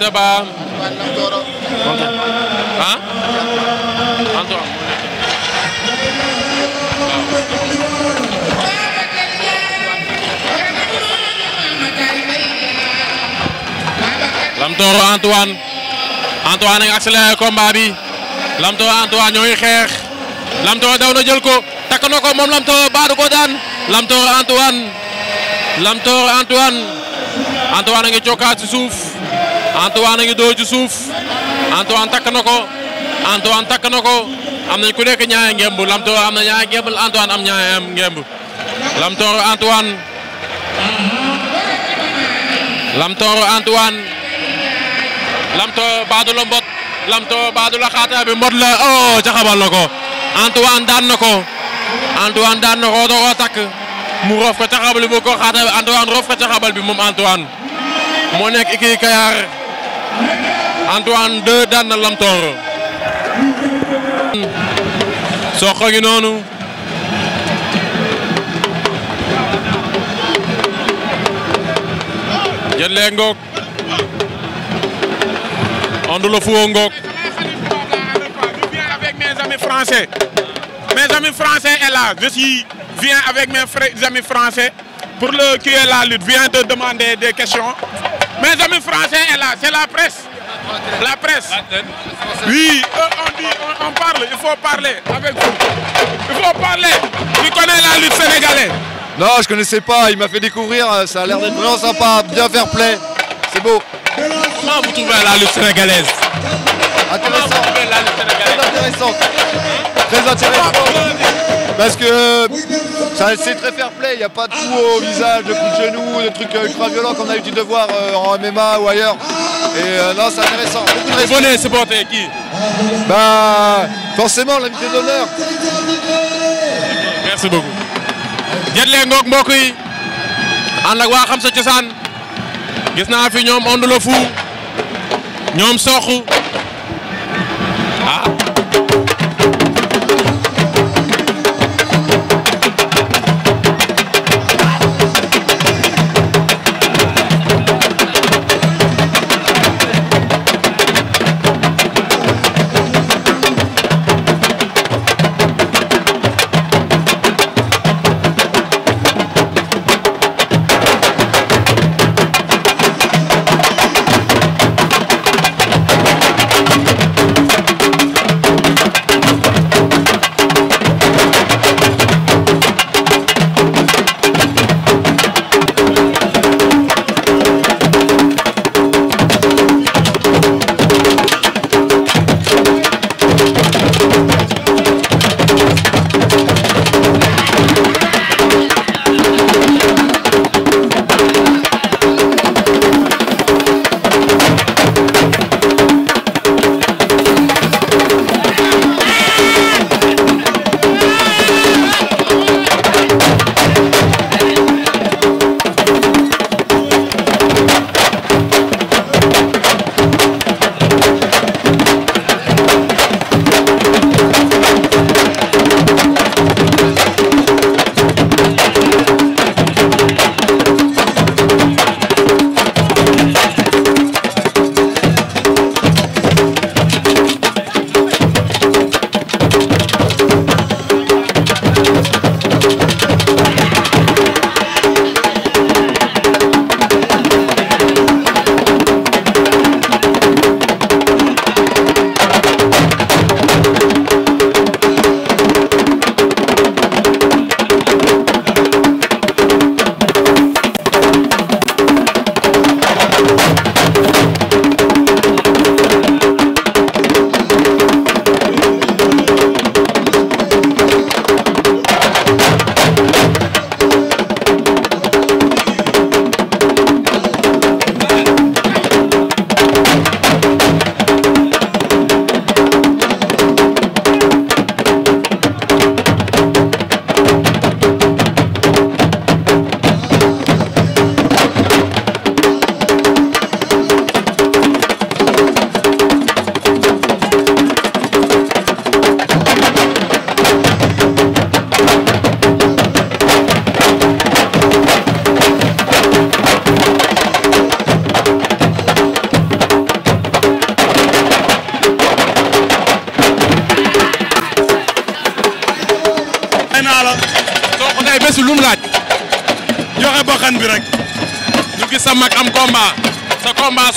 Fouta Ba. ah. Antoine. Lamtoro Antoine Antoine nga accéléré combat bi Lamtoro Antoine ñoo ngi xeex Lamtoro daw na jël ko takk na ko moom Lamtoro baadu ko daan Lamtoro Antoine Lamtoro Antoine Antoine a ngi cokkaat ci suuf. Antoine a ngi doo ci suuf takk na ko takk na ko am na ku nekk ñaari ngemb Lamtoor am na ñaari ngemb Antoine am ñaari ngemb Lamtoor Antoine Lamtoor Antoine Lamtoor Lamtoor baadu la xaata bi mbot la oh jaxabal na ko Antoine daan na ko daan na ko takk mu roof ko caxabal bi mu ko xaata Antoine roof ko caxabal bi moom Antoine moo nekk kii Kayar Antoine 2 daan na Lam ngi noonu. Jëlee ngoog. Onde le fou ngoog. français. Mes français est Je suis viens avec mes amis français pour le qui la lutte vient de demander des questions. Mes amis français est là, c'est la presse. La presse. Oui, eux on dit, on, on, parle, il faut parler avec vous. Il faut parler. Tu connais la lutte sénégalaise Non, je connaissais pas, il m'a fait découvrir, euh, ça a l'air d'être vraiment sympa, bien fair play. C'est beau. Comment vous trouvez la lutte sénégalaise intéressant. Intéressant. Très intéressant. Parce que c'est très fair play, il n'y a pas de coup au visage, de coups de genou, de trucs euh, ultra violents qu'on a l'habitude de voir euh, en MMA ou ailleurs. Et euh, non, c'est intéressant. Beaucoup de c'est bon, t'es qui Bah, forcément, l'invité d'honneur. Merci beaucoup. Jetleen ngoog mbokk yi ànd ak waa xam sa cosaan gis naa fi ñoom Onde le Fou ñoom Sokh ah.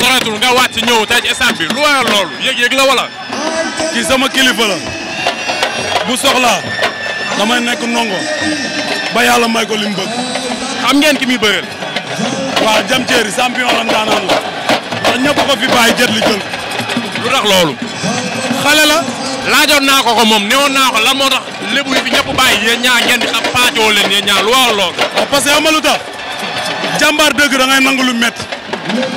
soriatul nga wàcc ñëw tey ci stade lu waral loolu yëg-yëg la wala. ki sama kilifa la bu soxlaa damay nekk ndongo ba yàlla may ko li mu ngeen ki muy bëreel. waaw jam ceeri champion la ndaanaan la ndax fi bàyyi jët li jël. lu tax loolu. xale la. laajoon naa ko moom newoon naa ko lan moo tax lébu yi fi ñëpp bàyyi yéen ngeen di xam paajoo lu waral loolu. Oh, parce que amalu tax jàmbaar dëgg da ngay nangu lu métti.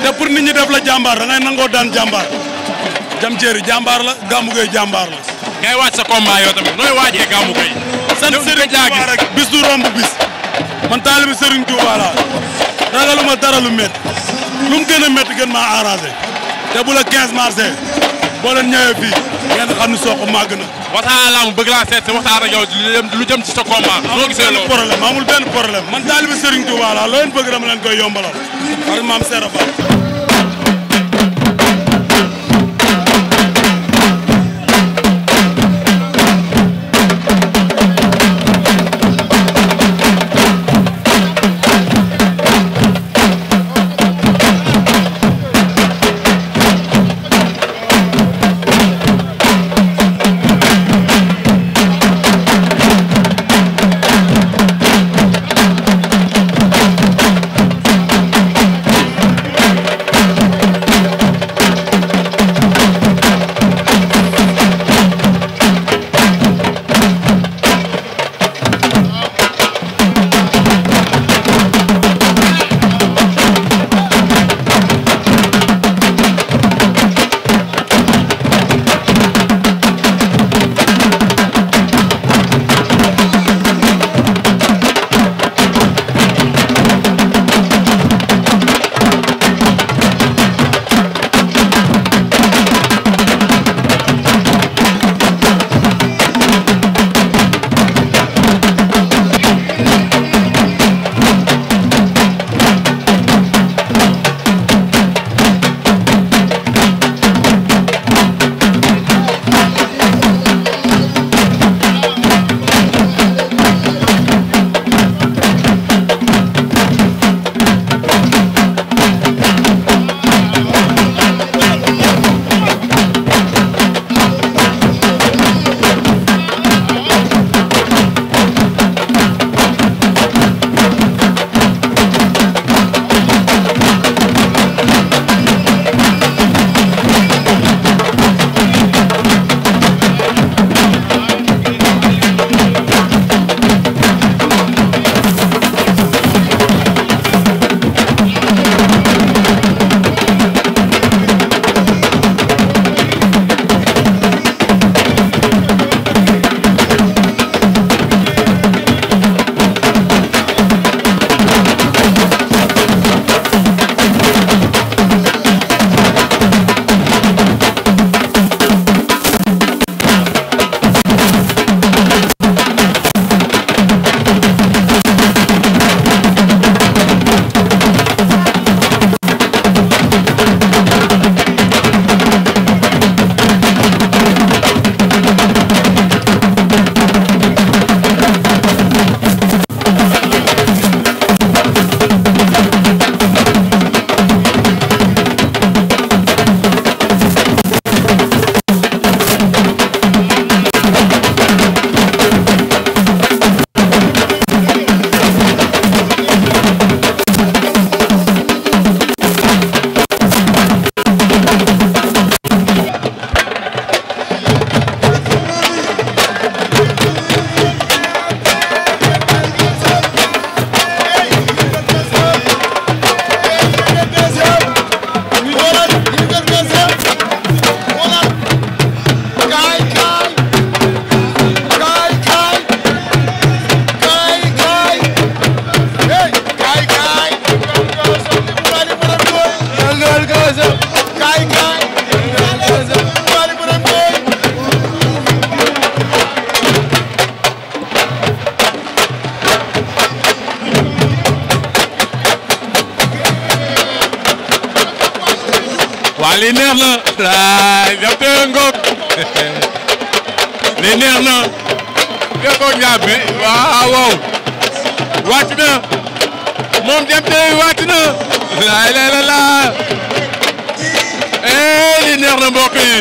te pour nit ñi def la jàmbaar da nangoo daan jàmbaar jam ceeri jàmbaar la gàmmu jàmbaar la. ngay waaj sa combat yoo tamit nooy waajee gàmmu gay. sant Serigne Touba bis du romb bis. man taalibi Serigne Touba ragaluma dara lu métti lu gën a métti gën maa arrangé te bu la 15 mars boo leen ngeen xam ne soq Wassare Lamb bëgg laa seet si waxtaan ak yow lu jëm ci sa combat. noo gisee loolu amul benn problème amul benn problème man taalibe Serigne Touba laa loo leen bëgg dama leen koy yombalal. parce que maam Serap wàcc na moom Diam Terry wàcc na laay laay la laa ee li neex na mbokk yi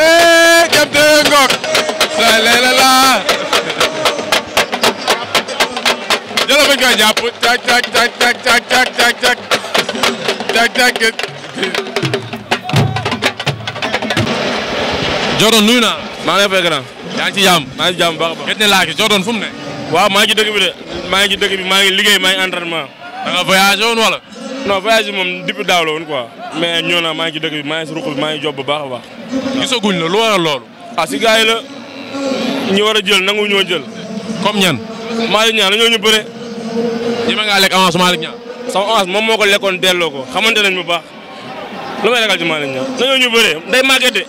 ee eh, Diam Terry ngoog laay laay la laa jëla bañ koy jàpp cak cak cak cak cak cak cak cak cak cak Jordan nuyu naa maa ngi lay fay grand yaa ngi ci jàmm maa ngi ci jàmm baax a baax gerte laa gi Jordan fu mu ne waaw maa ngi ci dëkk bi de maa ngi ci dëkk bi maa ngi liggéey maa ngi entraînement. da nga voyagé woon wala. non voyage moom depuis daaw la woon quoi. mais ñoo naa maa ngi ci dëkk bi maa ngi si ruq job bu baax a baax. gisaguñ la lu waral loolu. ah si gars la ñu war a jël nangu ñoo jël. comme ñan. Malick Niang dañoo ñu bëre. ñi ma ngaa lekk avance Malick Niang. sama moom moo ko lekkoon delloo ko xamante nañ bu baax lu may ragal ci Malick day màggee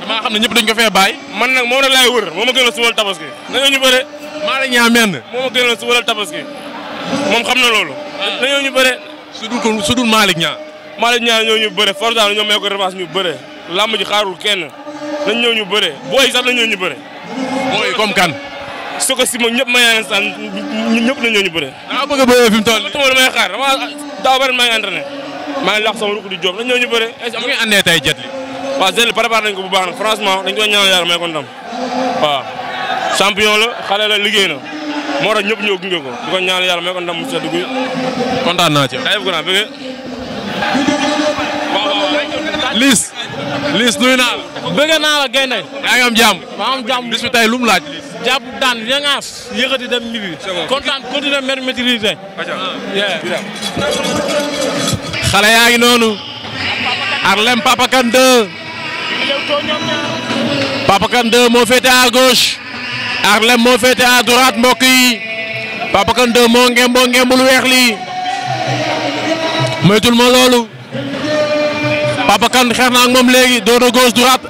damaa xam na ñëpp dañ ko fee bàyyi man na moom nag laay wër moo ma gën a suwal tabaski nañoo ñu bëre maa la ñaa moo moom xam na loolu ah. nañoo ñu bëre su dul ko su dul Malick ñaa Malick ñaa ñoo ñu bëre forta ñoo ko revanche ñu bëre làmb ji xaarul kenn nañ ñëw ñu bëre booy sax nañ ñëw ñu bëre booy comme kan su ko si moom ñëpp ma yaa san ñëpp nañ ñëw ñu bëre dama bëgg a bëree fi mu toll tuma damay xaar dama daaw bari maa ngi entraîné maa ngi lax sama rukk di job nañ ñëw ñu bëre waaw jël préparé ko bu baax nag franchement dañ koy ñaanal yàlla may ko ndam waaw champion la xale la liggéey na moo tax ñëpp ñëw gunge ko di ko ñaanal may ko mu sedd kontaan naa ci yow. daañu ko naan bëgg Liss Liss nuyu naa la. bëgg naa yaa ngi am jàmm. maa am jàmm bis laaj. jàpp daan yangaas yëkkati dem midi. kontaan continuer mer maîtrisé. xale yaa ngi noonu. Arlem Papa Kane Papa Kane 2 moo féete à gauche Arlem moo féete à droite mbokk yi Papa Kane moo ngemboo ngembul weex lii ma loolu Papa xeex na moom léegi door na gauche droite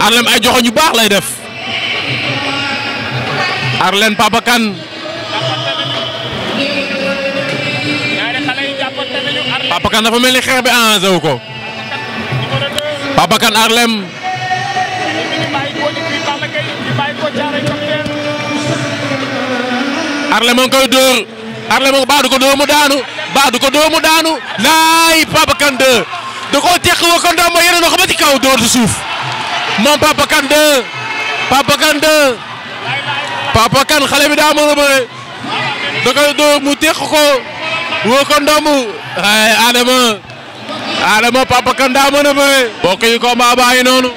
Arlem ay joxoñ baax lay def Arlem Papa Kane dafa mel ni xeex bi enrangé wu ko Papa Kane Arlem Arlem a ngi koy Arlem baa du ko dóor daanu baa Papa Kane 2 da koo teqaloo ko ndomba yéen a ba ci kaw dóor ci suuf moom Papa Kane 2 Papa Kane 2 Papa Kane xale bi daa mën a bëre mu teq ko woo ko ndomb ay Adama. Adama Papa Kanda mën a bëre mbokk yi baa ngi noonu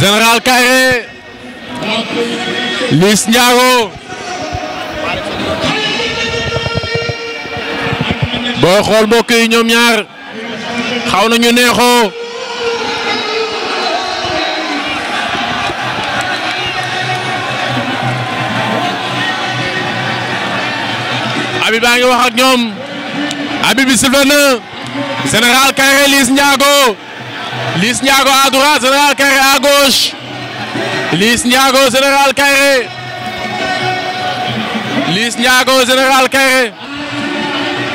général Kairé Liss Ndiago booy xool mbokk yi ñoom ñaar xaw nañu neexoo Habib baa ngi wax ñoom Habib bi sifflé Général Kairé Liss Ndiago Général Kairé à gauche Liss Ndiago Général Kairé Liss Ndiago Général Kairé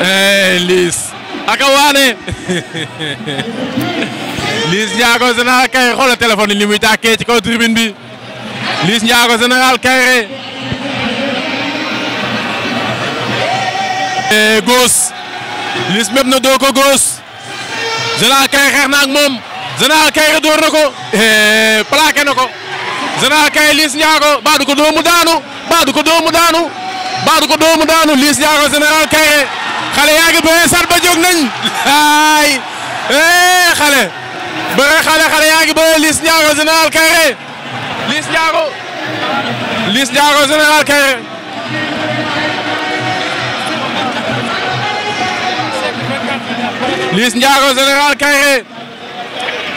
eh Liss aka waane Liss Ndiago Général Kairé xoolal téléphone yi ni muy tàkkee ci kaw tribune Général Kairé eh gauche Liss mépp na doo ko góos Général Kaïré xeex na ak moom Général Kaïré door na ko eh, plaqué na ko Général Kaïré Liss Ndiago baa du ko doomu daanu baa du ko doomu daanu baa du ko doomu daanu Liss Ndiago Général Kaïré xale yaa ngi bëre sar ba jóg nañ ay eh, xale bëre xale xale yaa ngi bëre Liss Ndiago Général Kaïré Liss Ndiago Liss Ndiago Général Kaïré Liss Ndiago Général Kairé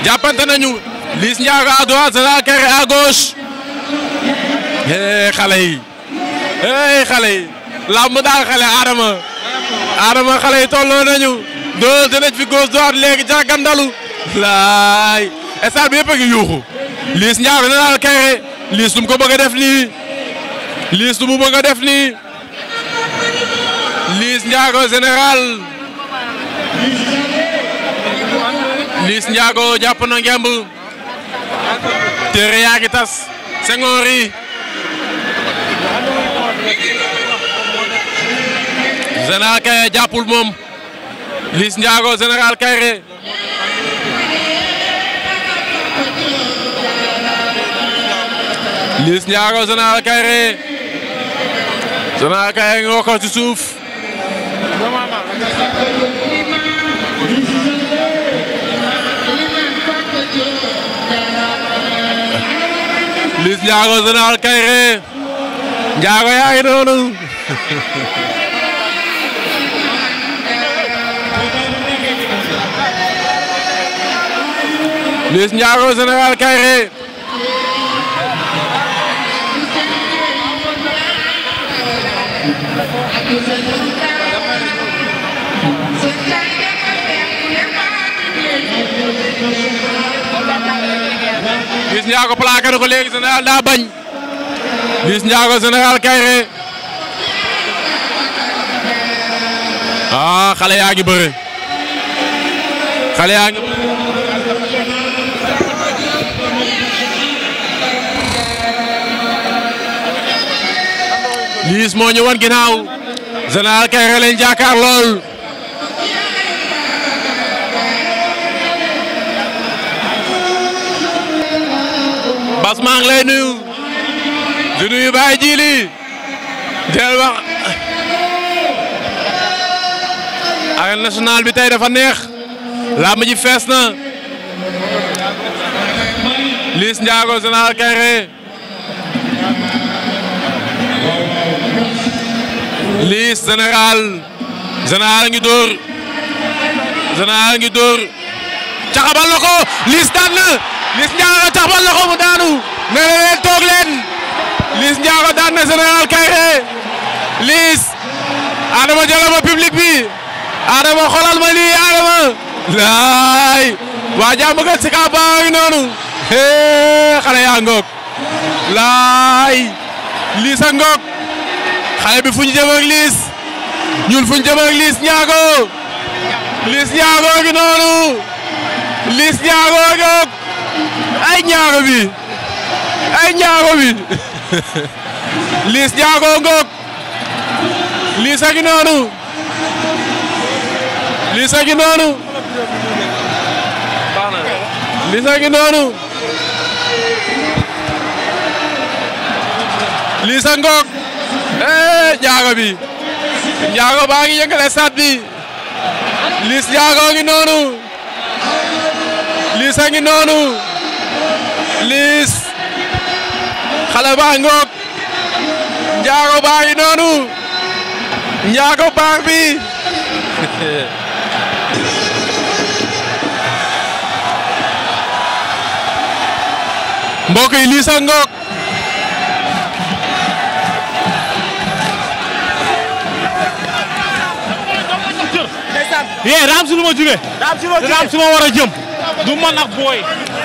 jàppante nañu Liss Ndiago à droite Général Kairé à gauche eh, xale yi hey eh, xale yi làmb daal xale Adama Adama xale yi tolloo nañu doo dinañ fi gauche droite léegi jàggandalu laay stade bi yëpp a ngi yuuxu Liss Ndiago Général Kairé Liss lu ko bëgg a def nii Liss lu a def nii Liss Ndiago Liss Ndiago jàpp na ngemb téere yaa ngi tas sengoor yi général Kayré jàppul moom Liss Ndiago général Kayré Liss Ndiago général Kayré général Kayré ngoo ko ci suuf Liss Ndiago Général Kairé Ndiago yaa ngi noonu Liss Ndiago Général Kairé Liss Ndiago attaqué na ko léegi général daa ah, leen jàkkaar lool maa ngi lay nuyu di nuyu Baye bi tey dafa neex làmb na Liss ngi dóor Général ngi dóor ko Liss daan na Liss Ndiago caxabal na ko mu daanu nee na toog leen Liss Ndiago daan na général Kayré Liss Adama jëlal ma public bi Adama xolal ma lii Adama laay waa jàmm gën si kaa noonu hee xale yaa ngoog laay Liss a ngoog xale bi fu ñu jëm ak Liss ñun fu ñu jëm ak Liss noonu Liss Ndiago ngoog ay Ndiago bi ay njaago bi liis njaago ngoog liis a ngi noonu liis a ngi noonu liis a ngi noonu liis a eh, ngi noonu liis a ngi noonu liis xale baa ngoog njaago baa ngi noonu njaago baax bi mbokk yi ngoog yee eh, raam si lu ma raam si ma war jëm du man booy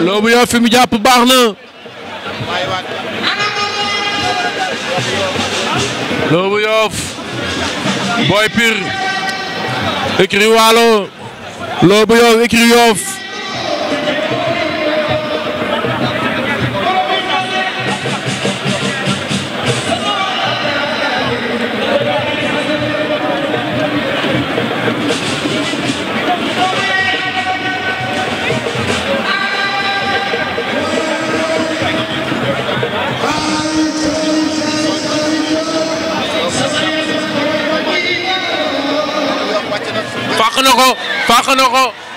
Lobou Yoff fi mu jàpp baax na Lobou Yoff Boy Pire écurie Waalo Lobou Yoff écurie Yoff fàq na ko fàq ko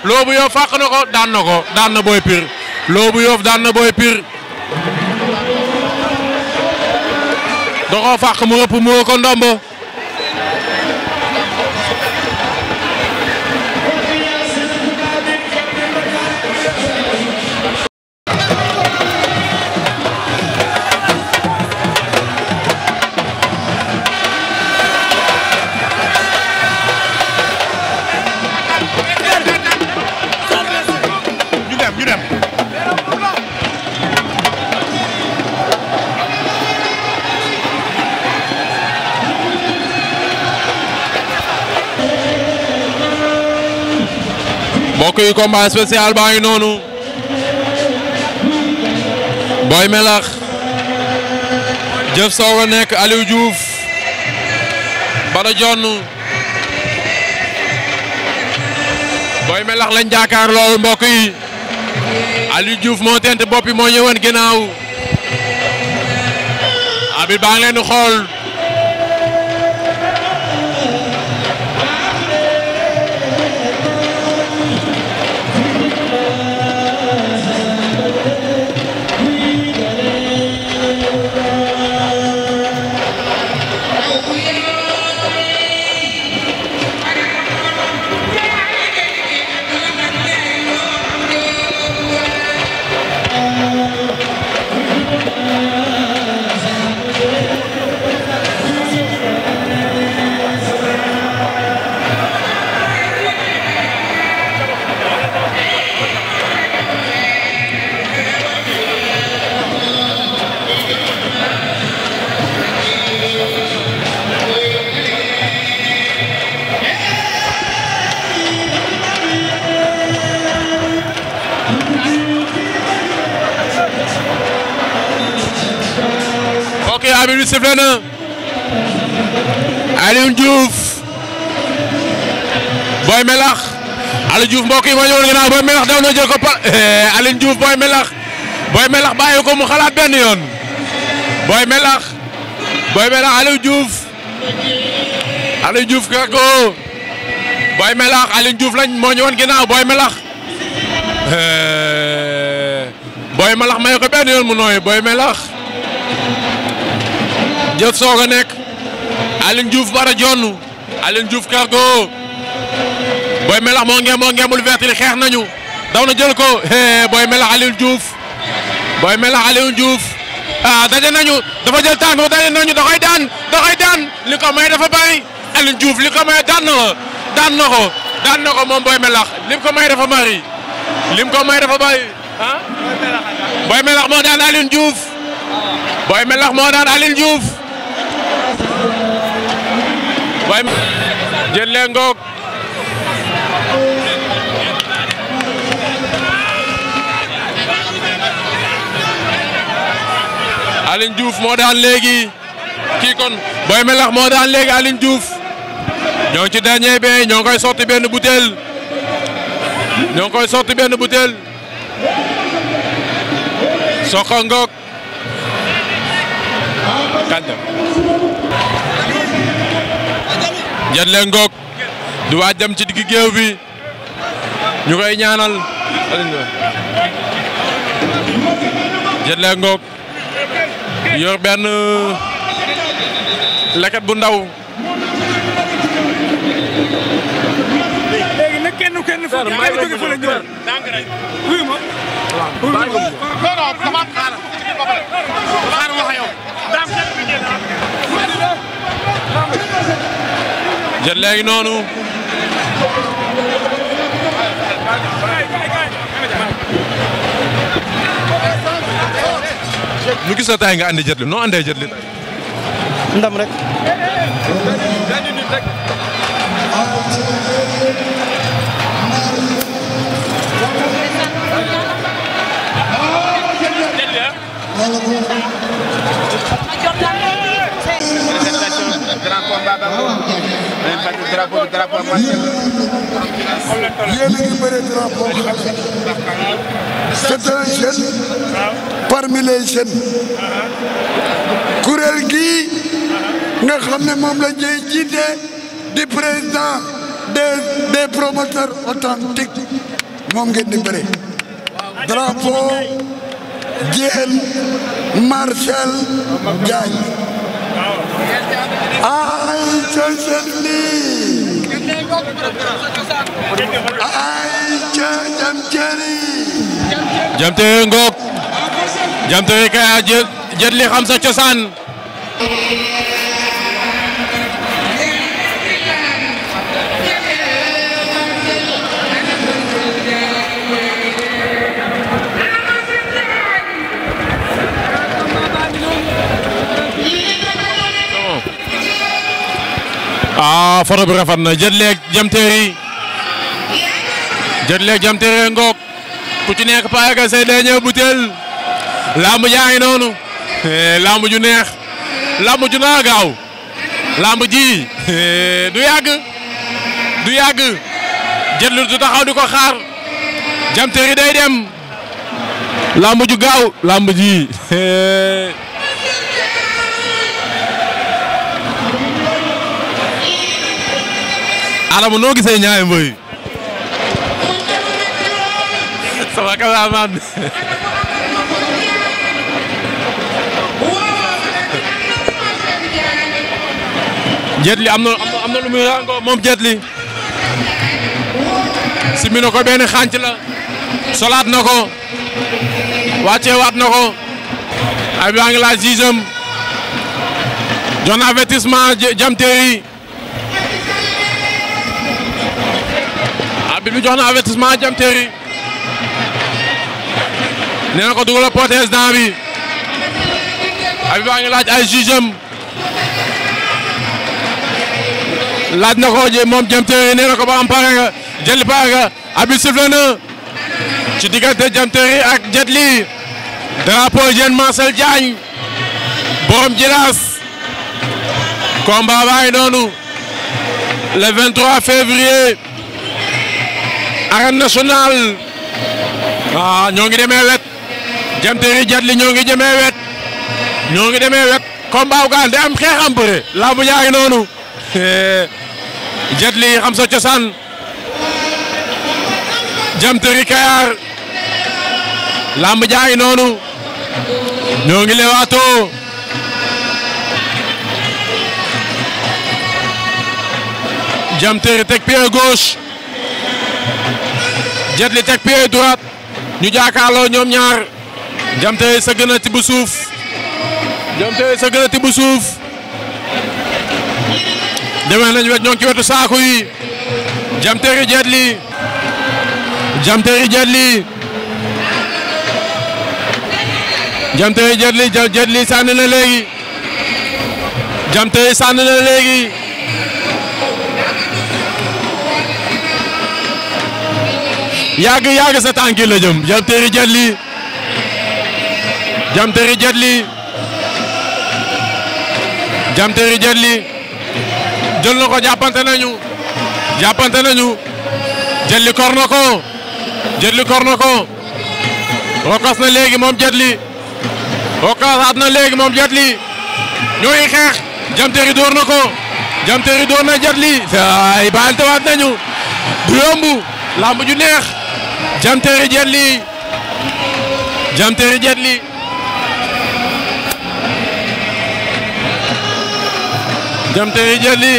loobu yoof fàq na ko daan na ko daan booy pir loobu yoof daan na booy pir doxoo fàq mu ëpp mu mbokk yi combat spécial baa ngi noonu Boy Melax Jëf Sow la nekk Aliou Diouf Bada Jonn Boy Melax lañ jaakaar lool mbokk yi Aliou Diouf moo tent bopp bi moo ñëwoon ginnaaw abit baa leen di xool mbokk yi moo booy melax daw na jël ko par eh, Aline Diouf booy melax booy melax bàyyi mu xalaat benn yoon booy melax booy melax Aliou Diouf Aliou Diouf ka booy melax Aline Diouf lañ moo ñëwoon ginnaaw booy melax eh, booy melax may ko benn yoon mu nooy booy melax jël soog a nekk Aline Diouf bara jonn Aline Boy Melax moo ngeem moo ngeemul vert li xeex nañu daw na jël ko Boy Melax Aliou Diouf Boy Melax Aliou Diouf ah daje nañu dafa jël tànk ba daje nañu da koy daan da koy daan li ko may dafa bari Aliou Diouf li ko may daan na ko daan na ko daan na ko moom Boy Melax lim ko may dafa bari lim ko may dafa bari ah. Boy Melax moo daan Aliou Diouf Boy Melax moo daan Aliou Diouf. Boy jël leen ngoog Aline Diouf moo daan léegi kii kon Boy Melax moo daan léegi Aline Diouf ñoo ci dernier bi ñoo benn butéel ñoo ngi benn butéel Sokka Ngok kanja Njedle Ngok di waaj ci digg géew bi ñu koy ñaanal Njedle Ngok yor benn bu ndaw. léegi nag yaa ngi jóge fële ñu doon. wuyu ma. waaw baax nga mu non non dama xaaral xaaral wax yow. noonu. ñu gis na tay nga andi Li noo andee Jet Li ndam rek dañu fàtte drapeau bi drapeau bi yéen a nga xam ne moom la ñuy jiite di président des des promoteurs authentiques moom ngeen di bëre drapeau Diène Marcel Diagne I chosen me. I chose Jam Terry. Jam Terry ngoog. Jam Terry kay jël jël li xam sa cosaan. ah foto bi rafet na jët leeg jam teeri ngoog ku ci nekk paa yaga say deeñe butéel lamb jaa ngi noonu eh, lamb ju neex lamb ju naa gaaw lamb ji eh, du yàgg du yàgg jët lu du di ko xaar jam day dem lamb ju gaaw lamb ji eh, Adama noo gisee ñaari mbër yi. sama na lu muy ràngoo moom Jet Li. simi na ko benn xànc la. solaat na ko. wàcceewaat na ko. ay ngi laaj sixième. jox na jam teer bi mu jox na avertissement Terry nee na ko dugal potees abi baa ngi laaj ay jugeem laaj na ko moom Diam Terry nee na ko ba am pare nga jëli pare na ci diggante Diam Terry ak Jet Li drapeau Marcel Diagne borom Jilaas combat baa ngi noonu le 23 arène nationale ah ñoo ngi demee wet jantéeri jatli ñoo ngi demee wet ñoo ngi demee wet combat gaan de am xeex am bëre jaay noonu jatli xam sa cosaan jamtéeri kayaar lamb jaay noonu ñoo ngi lewaatoo jamtéeri teg pied Jet Li teg pied droite ñu jaakaarloo ñoom ñaar Diam Terry sëgg na suuf Diam Terry sëgg na tibb suuf demee nañu wet ñoo ngi ci wetu saaku yi Diam Terry Jet Li Diam Terry Jet Li Diam Terry Jet Li Jet léegi Diam Terry na léegi yàgg yàgg sa tànk la jëm jam teri jet jam teri jet jam teri jet li jël na ko jàppante nañu jàppante nañu jet kor na ko jet li kor na ko rokas na léegi moom jet rokas at na léegi moom jet li ñooy xeex jam teri door na jam teri door na jet li ay baal tawaat nañu du yomb lamb ju neex Diam Terry Jet Ly Diam Terry Jet Ly Diam Terry Jet Ly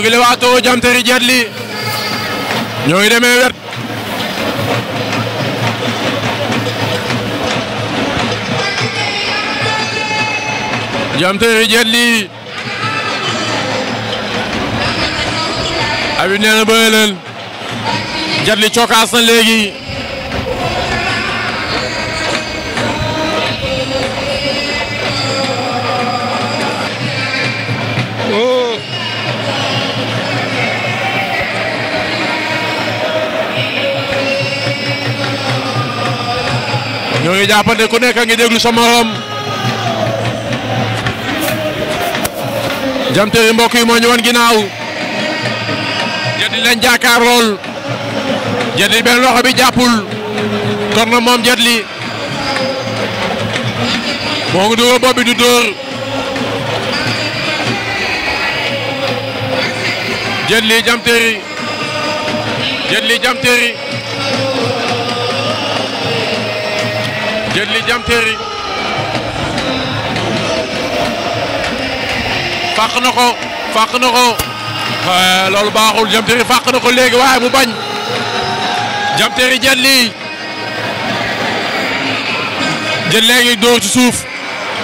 ngi lewaatoo Diam Terry Jet Ly jamteeri jelli abi neena bëre leen jelli cokaas na léegi ñoo ngi jàppante ku nekk ngi déglu sa Diamtéry mbokk yi moo ñu ginnaaw Jetli leen jaakaar lool Jetli benn loxo bi jàppul kor na moom Jetli moo ngi dóor du dóor Jetli Diamtéry fàq na ko fàq na ko loolu baaxul Diam Terry fàq na ko léegi bañ Diam Terry jël lii ci suuf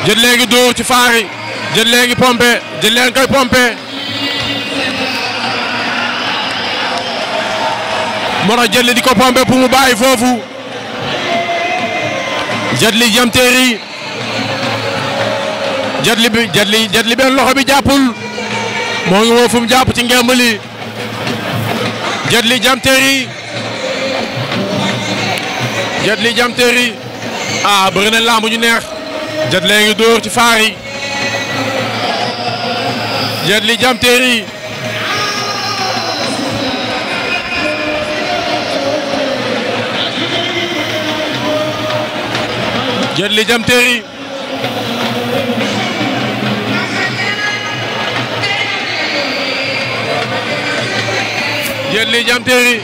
jël léegi dóor ci faari jël léegi pompe jël leen pompe moo tax jël pompe pour mu bàyyi foofu jël li jatli bi jatli benn loxo bi jàppul moo ngi woo jàpp ci ngemb li jatli jamteeri jatli jamteeri ah bëri na làmb ñu neex jatlee ngi dóor ci faar yi jatli jamteeri jatli Jet Li Diam Terry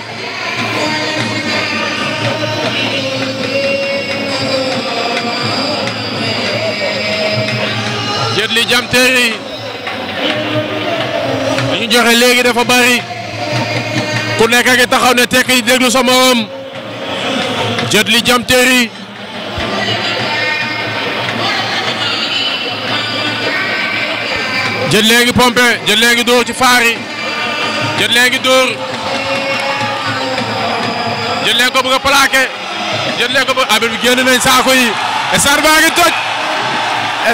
Jet joxe léegi dafa bari ku nekk gi taxaw ne tekk yi déglu sa morom Jet Li Diam Terry Jet Li pompe Jet Li dóor ci faar yi Jet dóor leen ko bëgg a plaqué jël leen ko bëgg abel bi génn nañ saako yi stade baa ngi toj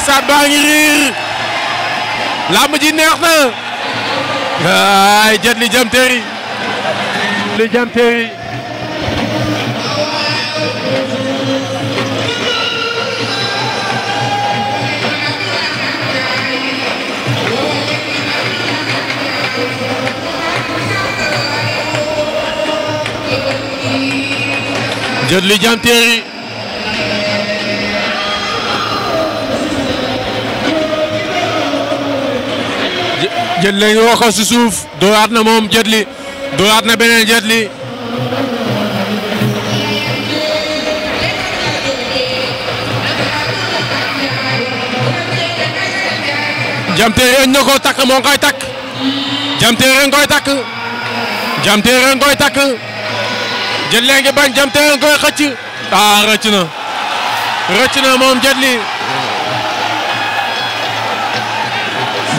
stade baa ngi riir làmb neex na ay jët li jëm teri li jëm jot li jantéeri jët li ngi waxoon si suuf dooraat na moom jët li dooraat na beneen jët li na ko takk moo ngi koy takk jamtéeri takk jamtéeri takk Jet Li ngi bañ Diam ah, na rëcc na moom Jet Li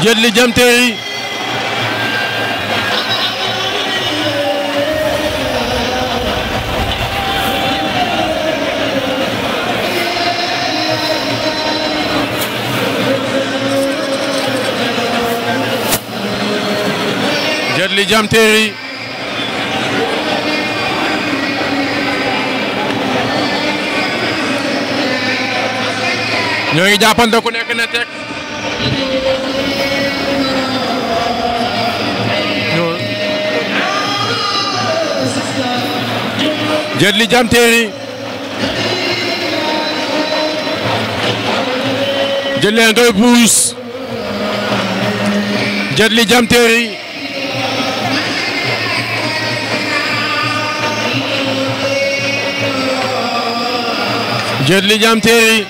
Jet Li Diam Terry ñoo ngi jàppante ku nekk ne teg Jet Li Diam Terry Jet Li ngay puus Jet Li Diam Terry Jet Li Diam Terry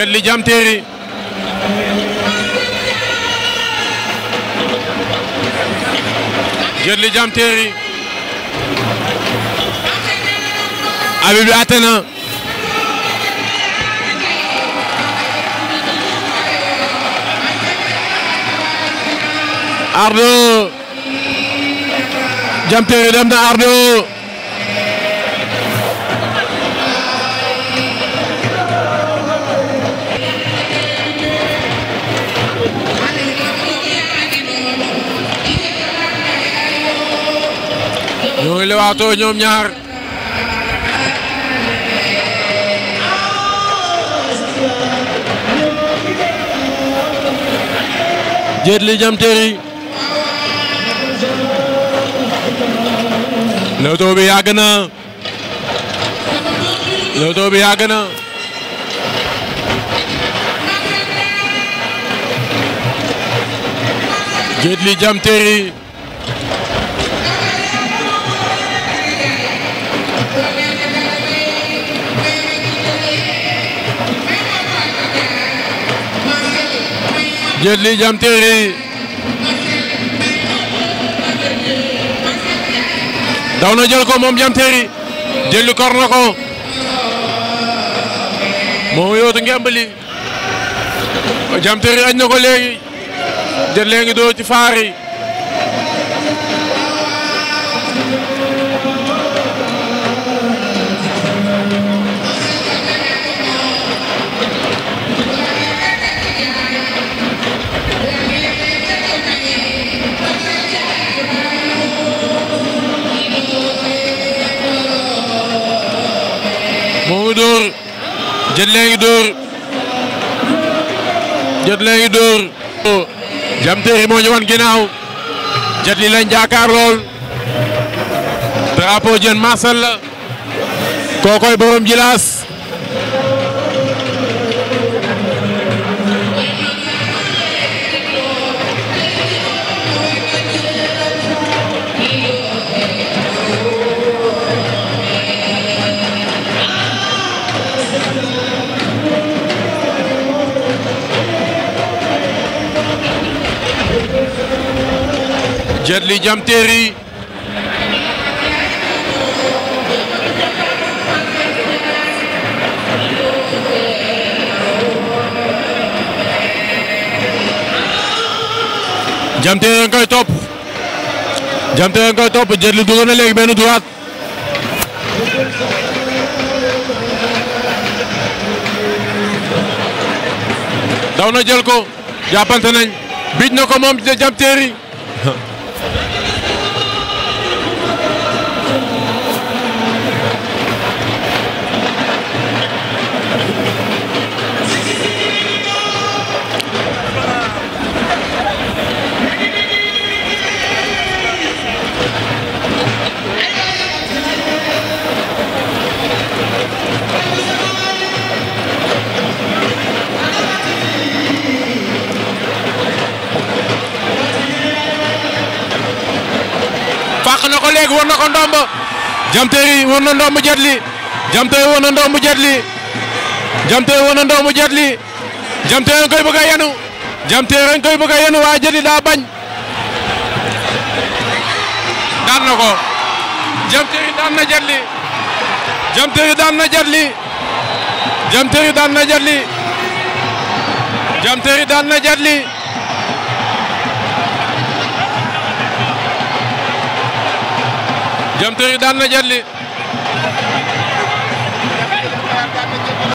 Jalli Jam Téry abi bi àtte Ardo Jam Téry dem Ardo ñoo ngi lewaatoo ñoom ñaar Diétly Diam Terry lewtoo bi yàgg na bi yàgg na Diétly Jet Li Diam Terry daw na jël ko moom Diam Terry Jet Li kor na ko moom yootu ngemb li Diam Terry añ na ko léegi Jet Li ngi doo yi jët lee ngi dóor jët lee ngi dóor Diam Terry moo ñëwoon ginnaaw jët li lañ jaakaar lool drapeau jën marsal la kookoy borom jilaas Jet Li Diam Terry Diam Terry nga koy topp Diam Terry nga koy topp Jet Li dugal na léegi benn droite daw na jël ko jàppante nañ biij na ko moom Diam Terry na ko léegi war na ko ndomb Diam Terry war na ndomb Jet Li Diam Terry war na ndomb Jet Li Diam Terry war na ndomb Jet Li Diam Terry koy bëgg a yenu Diam Terry koy bëgg a yenu waaye Jet Li daa bañ daan na ko Diam Terry daan na Jet Li Diam Terry daan na Jet Li Diam Terry daan na Jet Li Diam Terry daan na Jet Li Diam Terry daan na Jet Li